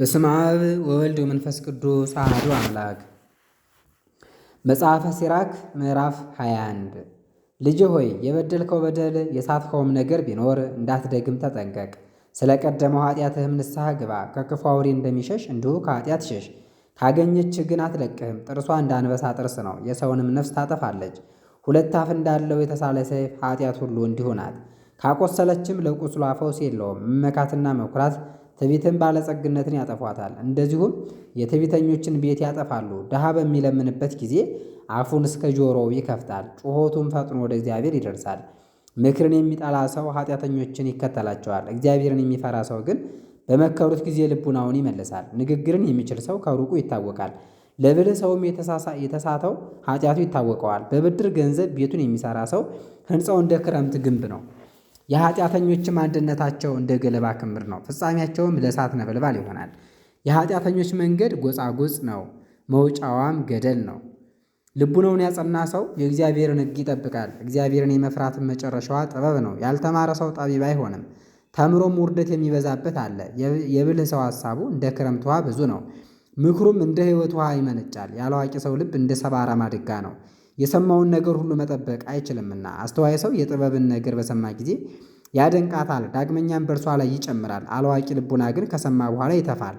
በስመ አብ ወወልድ ወመንፈስ ቅዱስ አሐዱ አምላክ። መጽሐፈ ሲራክ ምዕራፍ 21 ልጅ ሆይ የበደልከው በደል የሳትከውም ነገር ቢኖር እንዳትደግም ተጠንቀቅ። ስለ ቀደመው ኃጢአትህም ንስሐ ግባ። ከክፉ አውሬ እንደሚሸሽ እንዲሁ ከኃጢአት ሸሽ። ካገኘች ግን አትለቅህም። ጥርሷ እንደ አንበሳ ጥርስ ነው፣ የሰውንም ነፍስ ታጠፋለች። ሁለት አፍ እንዳለው የተሳለ ሰይፍ ኃጢአት ሁሉ እንዲሁ ናት። ካቆሰለችም ለቁስሏ ፈውስ የለውም። መመካትና መኩራት ትዕቢትን ባለጸግነትን ያጠፏታል። እንደዚሁም የትዕቢተኞችን ቤት ያጠፋሉ። ድሃ በሚለምንበት ጊዜ አፉን እስከ ጆሮው ይከፍታል፣ ጩኸቱም ፈጥኖ ወደ እግዚአብሔር ይደርሳል። ምክርን የሚጠላ ሰው ኃጢአተኞችን ይከተላቸዋል። እግዚአብሔርን የሚፈራ ሰው ግን በመከሩት ጊዜ ልቡናውን ይመልሳል። ንግግርን የሚችል ሰው ከሩቁ ይታወቃል። ለብልህ ሰውም የተሳተው ኃጢአቱ ይታወቀዋል። በብድር ገንዘብ ቤቱን የሚሰራ ሰው ሕንፃው እንደ ክረምት ግንብ ነው። የኃጢአተኞችም አንድነታቸው እንደ ገለባ ክምር ነው፣ ፍጻሜያቸውም ለእሳት ነበልባል ይሆናል። የኃጢአተኞች መንገድ ጎጻጉጽ ነው፣ መውጫዋም ገደል ነው። ልቡናውን ያጸና ሰው የእግዚአብሔርን ሕግ ይጠብቃል። እግዚአብሔርን የመፍራትን መጨረሻዋ ጥበብ ነው። ያልተማረ ሰው ጠቢብ አይሆንም። ተምሮም ውርደት የሚበዛበት አለ። የብልህ ሰው ሐሳቡ እንደ ክረምት ውሃ ብዙ ነው፣ ምክሩም እንደ ሕይወት ውሃ ይመነጫል። ያላዋቂ ሰው ልብ እንደ ሰባራ ማድጋ ነው። የሰማውን ነገር ሁሉ መጠበቅ አይችልምና አስተዋይ ሰው የጥበብን ነገር በሰማ ጊዜ ያደንቃታል፣ ዳግመኛም በእርሷ ላይ ይጨምራል። አላዋቂ ልቡና ግን ከሰማ በኋላ ይተፋል፣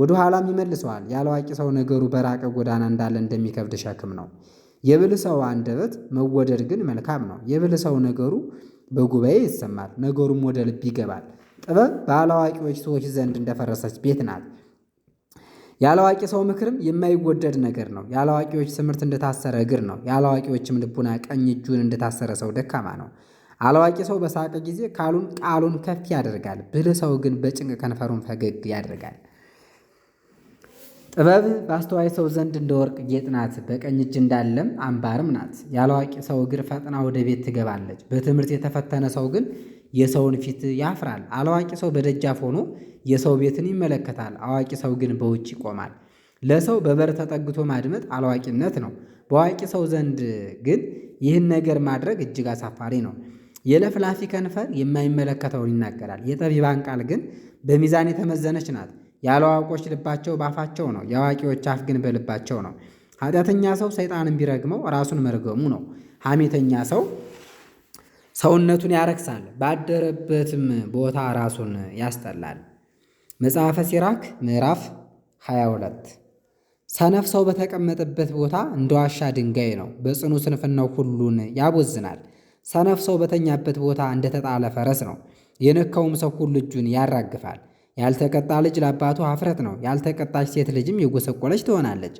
ወደ ኋላም ይመልሰዋል። የአላዋቂ ሰው ነገሩ በራቀ ጎዳና እንዳለ እንደሚከብድ ሸክም ነው። የብልህ ሰው አንደበት መወደድ ግን መልካም ነው። የብልህ ሰው ነገሩ በጉባኤ ይሰማል፣ ነገሩም ወደ ልብ ይገባል። ጥበብ በአላዋቂዎች ሰዎች ዘንድ እንደፈረሰች ቤት ናት። ያለዋቂ ሰው ምክርም የማይወደድ ነገር ነው። ያለዋቂዎች ትምህርት እንደታሰረ እግር ነው። ያለዋቂዎችም ልቡና ቀኝ እጁን እንደታሰረ ሰው ደካማ ነው። አለዋቂ ሰው በሳቀ ጊዜ ካሉን ቃሉን ከፍ ያደርጋል። ብልህ ሰው ግን በጭንቅ ከንፈሩን ፈገግ ያደርጋል። ጥበብ በአስተዋይ ሰው ዘንድ እንደ ወርቅ ጌጥ ናት፣ በቀኝ እጅ እንዳለም አምባርም ናት። ያለዋቂ ሰው እግር ፈጥና ወደ ቤት ትገባለች። በትምህርት የተፈተነ ሰው ግን የሰውን ፊት ያፍራል። አላዋቂ ሰው በደጃፍ ሆኖ የሰው ቤትን ይመለከታል፣ አዋቂ ሰው ግን በውጭ ይቆማል። ለሰው በበር ተጠግቶ ማድመጥ አላዋቂነት ነው። በአዋቂ ሰው ዘንድ ግን ይህን ነገር ማድረግ እጅግ አሳፋሪ ነው። የለፍላፊ ከንፈር የማይመለከተውን ይናገራል። የጠቢባን ቃል ግን በሚዛን የተመዘነች ናት። ያለዋቆች ልባቸው ባፋቸው ነው፣ የአዋቂዎች አፍ ግን በልባቸው ነው። ኃጢአተኛ ሰው ሰይጣንን ቢረግመው ራሱን መርገሙ ነው። ሐሜተኛ ሰው ሰውነቱን ያረክሳል፣ ባደረበትም ቦታ ራሱን ያስጠላል። መጽሐፈ ሲራክ ምዕራፍ 22 ሰነፍ ሰው በተቀመጠበት ቦታ እንደ ዋሻ ድንጋይ ነው፣ በጽኑ ስንፍናው ሁሉን ያቦዝናል። ሰነፍ ሰው በተኛበት ቦታ እንደተጣለ ፈረስ ነው፣ የነካውም ሰው ሁሉ እጁን ያራግፋል። ያልተቀጣ ልጅ ለአባቱ አፍረት ነው፣ ያልተቀጣች ሴት ልጅም የጎሰቆለች ትሆናለች።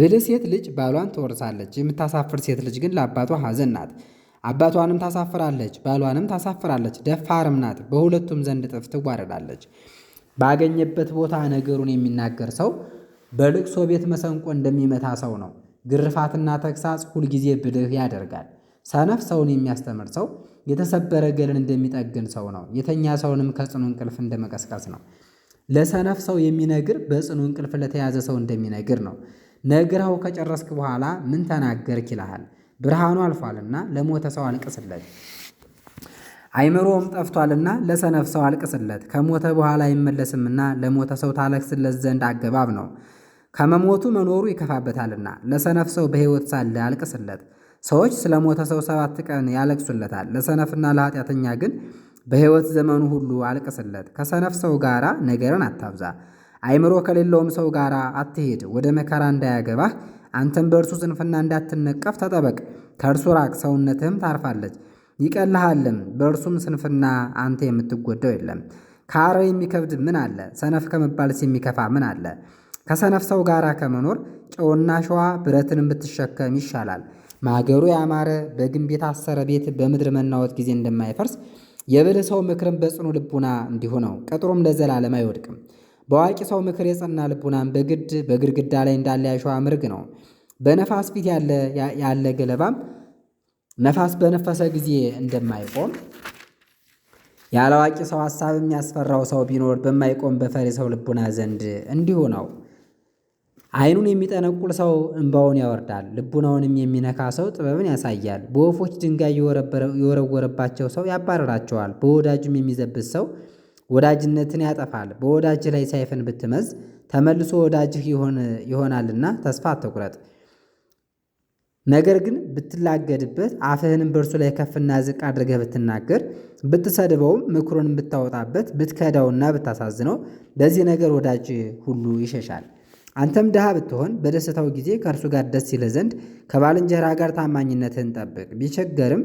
ብልህ ሴት ልጅ ባሏን ትወርሳለች፣ የምታሳፍር ሴት ልጅ ግን ለአባቷ ሐዘን ናት። አባቷንም ታሳፍራለች፣ ባሏንም ታሳፍራለች። ደፋርም ናት፣ በሁለቱም ዘንድ ጥፍ ትዋረዳለች። ባገኘበት ቦታ ነገሩን የሚናገር ሰው በልቅሶ ቤት መሰንቆ እንደሚመታ ሰው ነው። ግርፋትና ተግሳጽ ሁልጊዜ ብልህ ያደርጋል። ሰነፍ ሰውን የሚያስተምር ሰው የተሰበረ ገልን እንደሚጠግን ሰው ነው። የተኛ ሰውንም ከጽኑ እንቅልፍ እንደመቀስቀስ ነው። ለሰነፍ ሰው የሚነግር በጽኑ እንቅልፍ ለተያዘ ሰው እንደሚነግር ነው። ነግረው ከጨረስክ በኋላ ምን ተናገርክ ይልሃል። ብርሃኑ አልፏልና ለሞተ ሰው አልቅስለት። አይምሮም ጠፍቷልና ለሰነፍ ሰው አልቅስለት። ከሞተ በኋላ አይመለስምና ለሞተ ሰው ታለቅስለት ዘንድ አገባብ ነው። ከመሞቱ መኖሩ ይከፋበታልና ለሰነፍ ሰው በሕይወት ሳለ አልቅስለት። ሰዎች ስለ ሞተ ሰው ሰባት ቀን ያለቅሱለታል። ለሰነፍና ለኃጢአተኛ ግን በሕይወት ዘመኑ ሁሉ አልቅስለት። ከሰነፍ ሰው ጋራ ነገርን አታብዛ። አይምሮ ከሌለውም ሰው ጋር አትሄድ፣ ወደ መከራ እንዳያገባህ አንተም በእርሱ ስንፍና እንዳትነቀፍ ተጠበቅ። ከእርሱ ራቅ፣ ሰውነትህም ታርፋለች ይቀልሃልም። በእርሱም ስንፍና አንተ የምትጎዳው የለም። ከአረብ የሚከብድ ምን አለ? ሰነፍ ከመባልስ የሚከፋ ምን አለ? ከሰነፍ ሰው ጋር ከመኖር ጨውና ሸዋ ብረትን ብትሸከም ይሻላል። ማገሩ ያማረ በግንብ የታሰረ ቤት በምድር መናወጥ ጊዜ እንደማይፈርስ የብልህ ሰው ምክርም በጽኑ ልቡና እንዲሁ ነው። ቅጥሩም ለዘላለም አይወድቅም። በአዋቂ ሰው ምክር የጸና ልቡናን በግድ በግድግዳ ላይ እንዳለ ያሸዋ ምርግ ነው። በነፋስ ፊት ያለ ገለባም ነፋስ በነፈሰ ጊዜ እንደማይቆም ያለ አዋቂ ሰው ሐሳብ የሚያስፈራው ሰው ቢኖር በማይቆም በፈሪ ሰው ልቡና ዘንድ እንዲሁ ነው። ዓይኑን የሚጠነቁል ሰው እንባውን ያወርዳል፣ ልቡናውንም የሚነካ ሰው ጥበብን ያሳያል። በወፎች ድንጋይ የወረወረባቸው ሰው ያባረራቸዋል፣ በወዳጁም የሚዘብት ሰው ወዳጅነትን ያጠፋል። በወዳጅ ላይ ሰይፍን ብትመዝ ተመልሶ ወዳጅህ ይሆናልና ተስፋ አትቁረጥ። ነገር ግን ብትላገድበት፣ አፍህንም በእርሱ ላይ ከፍና ዝቅ አድርገህ ብትናገር፣ ብትሰድበውም፣ ምክሩንም ብታወጣበት፣ ብትከዳውና ብታሳዝነው በዚህ ነገር ወዳጅ ሁሉ ይሸሻል። አንተም ድሃ ብትሆን በደስታው ጊዜ ከእርሱ ጋር ደስ ይለ ዘንድ ከባልንጀራ ጋር ታማኝነትህን ጠብቅ። ቢቸገርም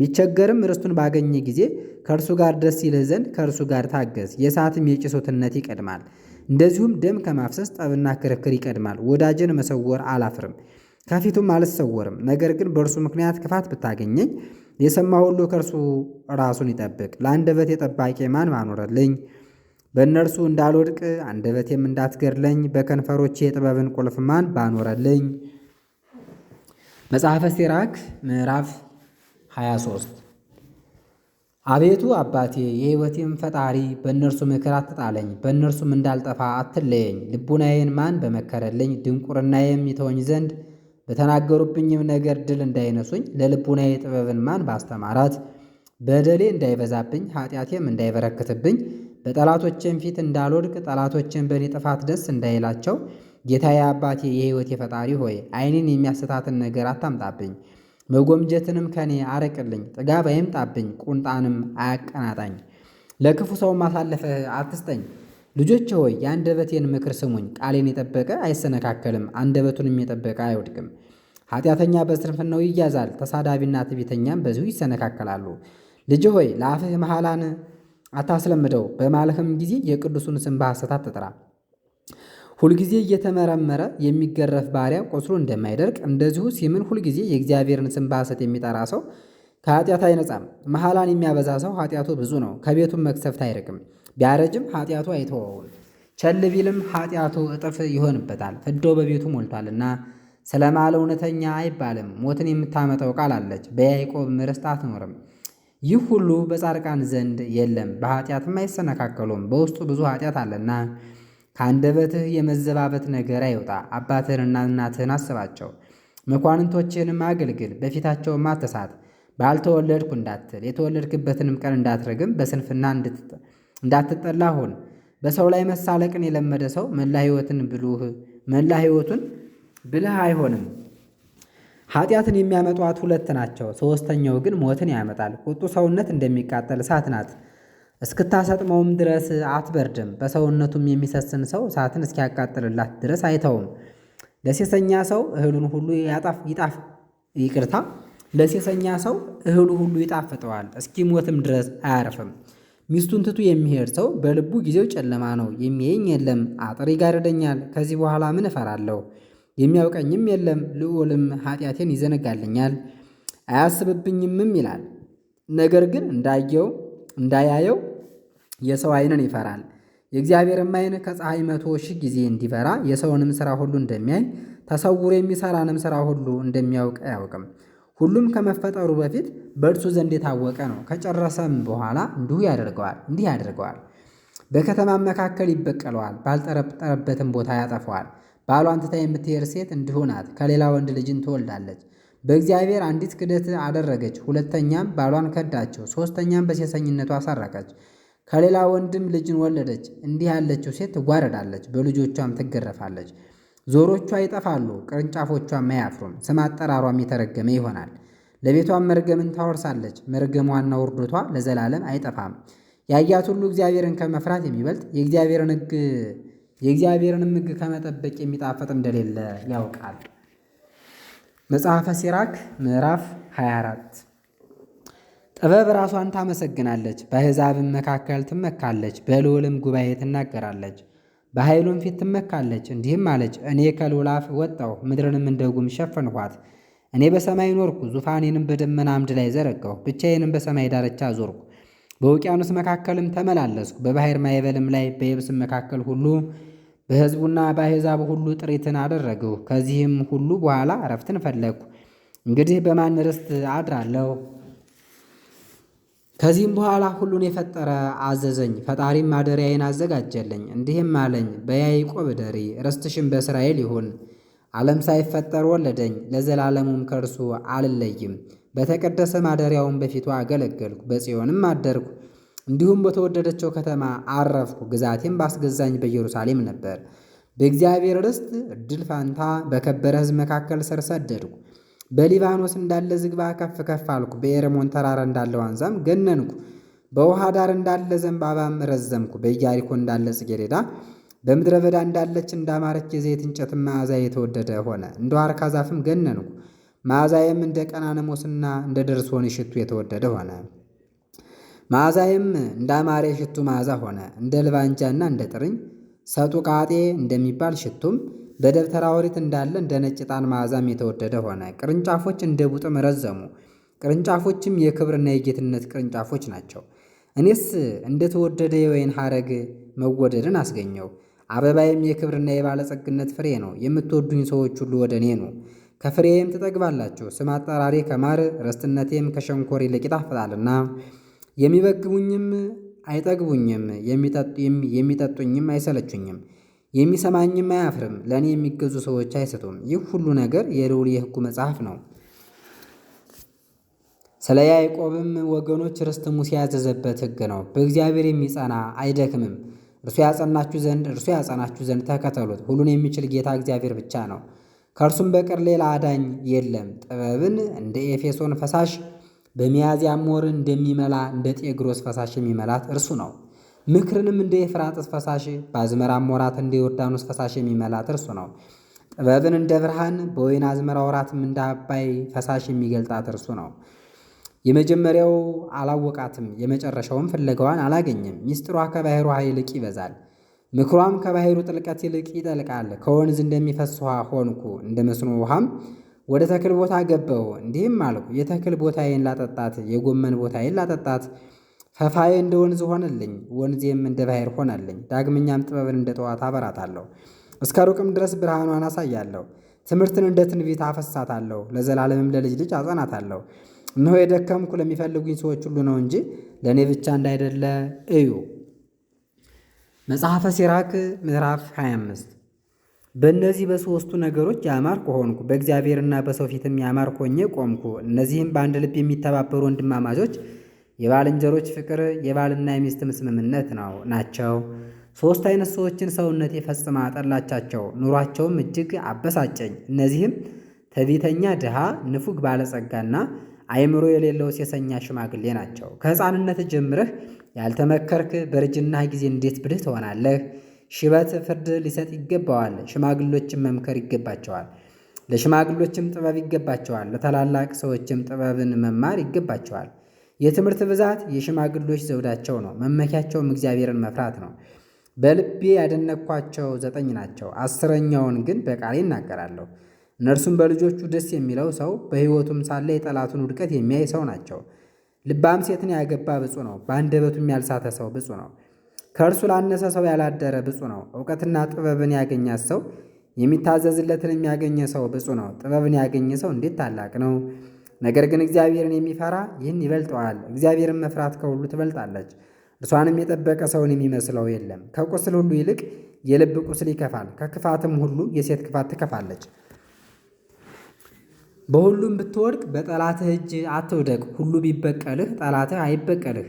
ቢቸገርም ርስቱን ባገኘ ጊዜ ከእርሱ ጋር ደስ ይልህ ዘንድ ከእርሱ ጋር ታገዝ። የሰዓትም የጭሶትነት ይቀድማል። እንደዚሁም ደም ከማፍሰስ ጠብና ክርክር ይቀድማል። ወዳጅን መሰወር አላፍርም፣ ከፊቱም አልሰወርም። ነገር ግን በእርሱ ምክንያት ክፋት ብታገኘኝ የሰማ ሁሉ ከእርሱ ራሱን ይጠብቅ። ለአንደበቴ ጠባቂ ማን ማኖረልኝ? በእነርሱ እንዳልወድቅ አንደበቴም እንዳትገድለኝ በከንፈሮቼ የጥበብን ቁልፍ ማን ባኖረልኝ? መጽሐፈ ሲራክ ምዕራፍ 23 አቤቱ አባቴ የሕይወቴም ፈጣሪ በእነርሱ ምክር አትጣለኝ፣ በእነርሱም እንዳልጠፋ አትለየኝ። ልቡናዬን ማን በመከረልኝ ድንቁርናዬም ይተወኝ ዘንድ በተናገሩብኝም ነገር ድል እንዳይነሱኝ ለልቡናዬ ጥበብን ማን ባስተማራት በደሌ እንዳይበዛብኝ ኃጢአቴም እንዳይበረክትብኝ በጠላቶቼም ፊት እንዳልወድቅ ጠላቶቼም በእኔ ጥፋት ደስ እንዳይላቸው ጌታዬ አባቴ የሕይወቴ ፈጣሪ ሆይ ዓይኔን የሚያስታትን ነገር አታምጣብኝ። መጎምጀትንም ከኔ አረቅልኝ ጥጋብ አይምጣብኝ ቁንጣንም አያቀናጣኝ። ለክፉ ሰውም አሳልፈህ አትስጠኝ። ልጆች ሆይ የአንደበቴን ምክር ስሙኝ። ቃሌን የጠበቀ አይሰነካከልም አንደበቱንም የጠበቀ አይወድቅም። ኃጢአተኛ በስንፍናው ይያዛል ተሳዳቢና ትዕቢተኛም በዚሁ ይሰነካከላሉ። ልጅ ሆይ ለአፍህ መሐላን አታስለምደው በማልህም ጊዜ የቅዱሱን ስም በሐሰት አትጥራ። ሁልጊዜ እየተመረመረ የሚገረፍ ባሪያ ቁስሉ እንደማይደርቅ እንደዚሁ ሲምን ሁልጊዜ የእግዚአብሔርን ስም በሐሰት የሚጠራ ሰው ከኃጢአት አይነጻም። መሐላን የሚያበዛ ሰው ኃጢአቱ ብዙ ነው፣ ከቤቱም መቅሰፍት አይርቅም። ቢያረጅም ኃጢአቱ አይተወውም፣ ቸል ቢልም ኃጢአቱ እጥፍ ይሆንበታል። ፍዳው በቤቱ ሞልቷልና ስለማለ እውነተኛ አይባልም። ሞትን የምታመጠው ቃል አለች፣ በያይቆብ ምርስት አትኖርም። ይህ ሁሉ በጻድቃን ዘንድ የለም፣ በኃጢአትም አይሰነካከሉም። በውስጡ ብዙ ኃጢአት አለና ከአንደበትህ የመዘባበት ነገር አይውጣ። አባትህንና እናትህን አስባቸው፣ መኳንንቶችህንም አገልግል። በፊታቸውም አትሳት፣ ባልተወለድኩ እንዳትል፣ የተወለድክበትንም ቀን እንዳትረግም፣ በስንፍና እንዳትጠላ ሁን። በሰው ላይ መሳለቅን የለመደ ሰው መላ ሕይወትን ብሉህ መላ ሕይወቱን ብልህ አይሆንም። ኃጢአትን የሚያመጧት ሁለት ናቸው፣ ሦስተኛው ግን ሞትን ያመጣል። ቁጡ ሰውነት እንደሚቃጠል እሳት ናት። እስክታሰጥመውም ድረስ አትበርድም። በሰውነቱም የሚሰስን ሰው እሳትን እስኪያቃጥልላት ድረስ አይተውም። ለሴሰኛ ሰው እህሉን ሁሉ ያጣፍ ይጣፍ ይቅርታ ለሴሰኛ ሰው እህሉ ሁሉ ይጣፍጠዋል፣ እስኪሞትም ድረስ አያርፍም። ሚስቱን ትቱ የሚሄድ ሰው በልቡ ጊዜው ጨለማ ነው፣ የሚየኝ የለም፣ አጥር ይጋርደኛል፣ ከዚህ በኋላ ምን እፈራለሁ? የሚያውቀኝም የለም፣ ልዑልም ኃጢአቴን ይዘነጋልኛል፣ አያስብብኝምም ይላል። ነገር ግን እንዳየው እንዳያየው የሰው ዓይንን ይፈራል። የእግዚአብሔርም ዓይን ከፀሐይ መቶ ሺህ ጊዜ እንዲበራ የሰውንም ሥራ ሁሉ እንደሚያይ ተሰውሮ የሚሠራንም ሥራ ሁሉ እንደሚያውቅ አያውቅም። ሁሉም ከመፈጠሩ በፊት በእርሱ ዘንድ የታወቀ ነው። ከጨረሰም በኋላ እንዲሁ ያደርገዋል እንዲህ ያደርገዋል። በከተማም መካከል ይበቀለዋል፣ ባልጠረጠረበትም ቦታ ያጠፈዋል። ባሏን ትታ የምትሄድ ሴት እንዲሁ ናት፣ ከሌላ ወንድ ልጅን ትወልዳለች። በእግዚአብሔር አንዲት ክደት አደረገች፣ ሁለተኛም ባሏን ከዳቸው፣ ሦስተኛም በሴሰኝነቱ አሳረቀች። ከሌላ ወንድም ልጅን ወለደች። እንዲህ ያለችው ሴት ትዋረዳለች፣ በልጆቿም ትገረፋለች። ዞሮቿ ይጠፋሉ፣ ቅርንጫፎቿም አያፍሩም። ስም አጠራሯም የተረገመ ይሆናል። ለቤቷም መርገምን ታወርሳለች። መርገሟና ውርዶቷ ለዘላለም አይጠፋም። ያያት ሁሉ እግዚአብሔርን ከመፍራት የሚበልጥ የእግዚአብሔርን ሕግ የእግዚአብሔርንም ሕግ ከመጠበቅ የሚጣፈጥ እንደሌለ ያውቃል። መጽሐፈ ሲራክ ምዕራፍ 24 ጥበብ ራሷን ታመሰግናለች፣ በአሕዛብም መካከል ትመካለች፣ በልዑልም ጉባኤ ትናገራለች፣ በኃይሉም ፊት ትመካለች። እንዲህም አለች፣ እኔ ከልዑል አፍ ወጣሁ፣ ምድርንም እንደ ጉም ሸፈንኋት። እኔ በሰማይ ኖርኩ፣ ዙፋኔንም በደመና አምድ ላይ ዘረጋሁ፣ ብቻዬንም በሰማይ ዳርቻ ዞርኩ፣ በውቅያኖስ መካከልም ተመላለስኩ፣ በባሕር ማዕበልም ላይ በየብስም መካከል ሁሉ በሕዝቡና በአሕዛብ ሁሉ ጥሪትን አደረግሁ። ከዚህም ሁሉ በኋላ እረፍትን ፈለግኩ። እንግዲህ በማን ርስት አድራለሁ? ከዚህም በኋላ ሁሉን የፈጠረ አዘዘኝ። ፈጣሪም ማደሪያዬን አዘጋጀልኝ፣ እንዲህም አለኝ፣ በያይቆብ ደሪ ርስትሽም በእስራኤል ይሁን። ዓለም ሳይፈጠር ወለደኝ፣ ለዘላለሙም ከእርሱ አልለይም። በተቀደሰ ማደሪያውን በፊቱ አገለገልኩ፣ በጽዮንም አደርኩ። እንዲሁም በተወደደችው ከተማ አረፍኩ። ግዛቴም ባስገዛኝ በኢየሩሳሌም ነበር። በእግዚአብሔር ርስት እድል ፋንታ በከበረ ሕዝብ መካከል ስር ሰደድኩ። በሊባኖስ እንዳለ ዝግባ ከፍ ከፍ አልኩ። በኤረሞን ተራራ እንዳለ ዋንዛም ገነንኩ። በውሃ ዳር እንዳለ ዘንባባም ረዘምኩ። በኢያሪኮ እንዳለ ጽጌሬዳ፣ በምድረ በዳ እንዳለች እንዳማረች የዘይት እንጨት መዓዛ የተወደደ ሆነ። እንደ ዋርካ ዛፍም ገነንኩ። መዓዛዬም እንደ ቀናነሞስና እንደ ደርሶን ሽቱ የተወደደ ሆነ። መዓዛዬም እንዳማረ ሽቱ መዓዛ ሆነ። እንደ ልባንጃና እንደ ጥርኝ ቃጤ እንደሚባል ሽቱም በደብተራ ኦሪት እንዳለ እንደ ነጭ ዕጣን መዓዛም የተወደደ ሆነ። ቅርንጫፎች እንደ ቡጥም ረዘሙ። ቅርንጫፎችም የክብርና የጌትነት ቅርንጫፎች ናቸው። እኔስ እንደተወደደ የወይን ሐረግ መወደድን አስገኘው። አበባዬም የክብርና የባለጸግነት ፍሬ ነው። የምትወዱኝ ሰዎች ሁሉ ወደ እኔ ኑ፣ ከፍሬዬም ትጠግባላችሁ። ስም አጠራሬ ከማር ርስትነቴም ከሸንኮር ይልቅ ይጣፍጣልና የሚበግቡኝም አይጠግቡኝም፣ የሚጠጡኝም አይሰለቹኝም። የሚሰማኝም አያፍርም፣ ለእኔ የሚገዙ ሰዎች አይሰጡም። ይህ ሁሉ ነገር የልዑል የሕጉ መጽሐፍ ነው። ስለ ያዕቆብም ወገኖች ርስት ሙሴ ያዘዘበት ሕግ ነው። በእግዚአብሔር የሚጸና አይደክምም። እርሱ ያጸናችሁ ዘንድ እርሱ ያጸናችሁ ዘንድ ተከተሉት። ሁሉን የሚችል ጌታ እግዚአብሔር ብቻ ነው፣ ከእርሱም በቀር ሌላ አዳኝ የለም። ጥበብን እንደ ኤፌሶን ፈሳሽ በሚያዝያም ወር እንደሚመላ እንደ ጤግሮስ ፈሳሽ የሚመላት እርሱ ነው። ምክርንም እንደ ኤፍራጥስ ፈሳሽ በአዝመራም ወራት እንደ ዮርዳኖስ ፈሳሽ የሚመላት እርሱ ነው። ጥበብን እንደ ብርሃን በወይን አዝመራ ወራትም እንደ አባይ ፈሳሽ የሚገልጣት እርሱ ነው። የመጀመሪያው አላወቃትም፣ የመጨረሻውም ፍለጋዋን አላገኘም። ሚስጥሯ ከባሕሩ ውኃ ይልቅ ይበዛል፣ ምክሯም ከባሕሩ ጥልቀት ይልቅ ይጠልቃል። ከወንዝ እንደሚፈስ ሆንኩ፣ እንደ መስኖ ውሃም ወደ ተክል ቦታ ገባሁ። እንዲህም አልኩ፣ የተክል ቦታዬን ላጠጣት፣ የጎመን ቦታዬን ላጠጣት ፈፋዬ እንደ ወንዝ ሆነልኝ ወንዜም እንደ ባሕር ሆነልኝ። ዳግመኛም ጥበብን እንደ ጠዋት አበራታለሁ እስከ ሩቅም ድረስ ብርሃኗን አሳያለሁ። ትምህርትን እንደ ትንቢት አፈሳታለሁ ለዘላለምም ለልጅ ልጅ አጸናታለሁ። እነሆ የደከምኩ ለሚፈልጉኝ ሰዎች ሁሉ ነው እንጂ ለእኔ ብቻ እንዳይደለ እዩ። መጽሐፈ ሲራክ ምዕራፍ 25 በእነዚህ በሦስቱ ነገሮች ያማርኩ ሆንኩ፣ በእግዚአብሔርና በሰው ፊትም ያማርኩ ሆኜ ቆምኩ። እነዚህም በአንድ ልብ የሚተባበሩ ወንድማማቾች የባልንጀሮች ፍቅር የባልና የሚስትም ስምምነት ነው ናቸው። ሶስት አይነት ሰዎችን ሰውነት የፈጽማ ጠላቻቸው፣ ኑሯቸውም እጅግ አበሳጨኝ። እነዚህም ትዕቢተኛ ድሃ፣ ንፉግ ባለጸጋና አይምሮ የሌለው ሴሰኛ ሽማግሌ ናቸው። ከሕፃንነት ጀምረህ ያልተመከርክ በእርጅና ጊዜ እንዴት ብልህ ትሆናለህ? ሽበት ፍርድ ሊሰጥ ይገባዋል፣ ሽማግሎችም መምከር ይገባቸዋል። ለሽማግሎችም ጥበብ ይገባቸዋል፣ ለታላላቅ ሰዎችም ጥበብን መማር ይገባቸዋል። የትምህርት ብዛት የሽማግሎች ዘውዳቸው ነው፣ መመኪያቸውም እግዚአብሔርን መፍራት ነው። በልቤ ያደነኳቸው ዘጠኝ ናቸው፣ አስረኛውን ግን በቃሌ እናገራለሁ። እነርሱም በልጆቹ ደስ የሚለው ሰው፣ በሕይወቱም ሳለ የጠላቱን ውድቀት የሚያይ ሰው ናቸው። ልባም ሴትን ያገባ ብፁ ነው፣ በአንደበቱም ያልሳተ ሰው ብፁ ነው። ከእርሱ ላነሰ ሰው ያላደረ ብፁ ነው። እውቀትና ጥበብን ያገኛት ሰው የሚታዘዝለትን የሚያገኘ ሰው ብፁ ነው። ጥበብን ያገኘ ሰው እንዴት ታላቅ ነው! ነገር ግን እግዚአብሔርን የሚፈራ ይህን ይበልጠዋል። እግዚአብሔርን መፍራት ከሁሉ ትበልጣለች። እርሷንም የጠበቀ ሰውን የሚመስለው የለም። ከቁስል ሁሉ ይልቅ የልብ ቁስል ይከፋል፣ ከክፋትም ሁሉ የሴት ክፋት ትከፋለች። በሁሉም ብትወድቅ በጠላትህ እጅ አትውደቅ። ሁሉ ቢበቀልህ ጠላትህ አይበቀልህ።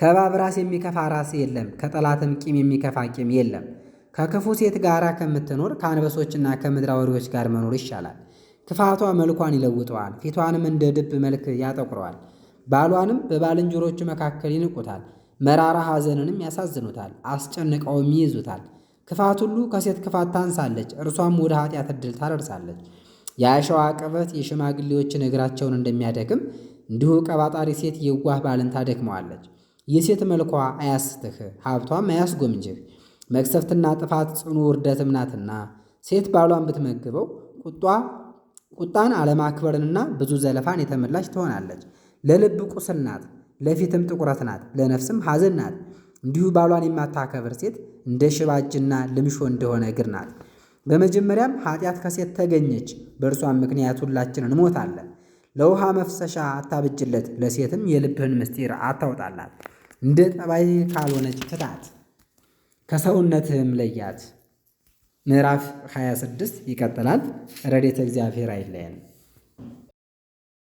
ከእባብ ራስ የሚከፋ ራስ የለም፣ ከጠላትም ቂም የሚከፋ ቂም የለም። ከክፉ ሴት ጋር ከምትኖር ከአንበሶችና ከምድር አውሬዎች ጋር መኖር ይሻላል። ክፋቷ መልኳን ይለውጠዋል፣ ፊቷንም እንደ ድብ መልክ ያጠቁረዋል። ባሏንም በባልንጀሮቹ መካከል ይንቁታል፣ መራራ ሐዘንንም ያሳዝኑታል፣ አስጨንቀውም ይይዙታል። ክፋት ሁሉ ከሴት ክፋት ታንሳለች፣ እርሷም ወደ ኃጢአት ዕድል ታደርሳለች። የአሸዋ ቀበት የሽማግሌዎችን እግራቸውን እንደሚያደክም እንዲሁ ቀባጣሪ ሴት የዋህ ባልን ታደክመዋለች። የሴት መልኳ አያስትህ፣ ሀብቷም አያስጎምጅህ። መቅሰፍትና ጥፋት ጽኑ ውርደትም ናትና ሴት ባሏን ብትመግበው ቁጧ ቁጣን አለማክበርንና ብዙ ዘለፋን የተመላች ትሆናለች። ለልብ ቁስል ናት፣ ለፊትም ጥቁረት ናት፣ ለነፍስም ሐዘን ናት። እንዲሁ ባሏን የማታከብር ሴት እንደ ሽባጅና ልምሾ እንደሆነ እግር ናት። በመጀመሪያም ኃጢአት ከሴት ተገኘች፣ በእርሷም ምክንያት ሁላችንን እንሞታለን። ለውሃ መፍሰሻ አታብጅለት፣ ለሴትም የልብህን ምስጢር አታውጣላት። እንደ ጠባይ ካልሆነች ትታት፣ ከሰውነትህም ለያት። ምዕራፍ 26 ይቀጥላል። ረድኤተ እግዚአብሔር አይለየን።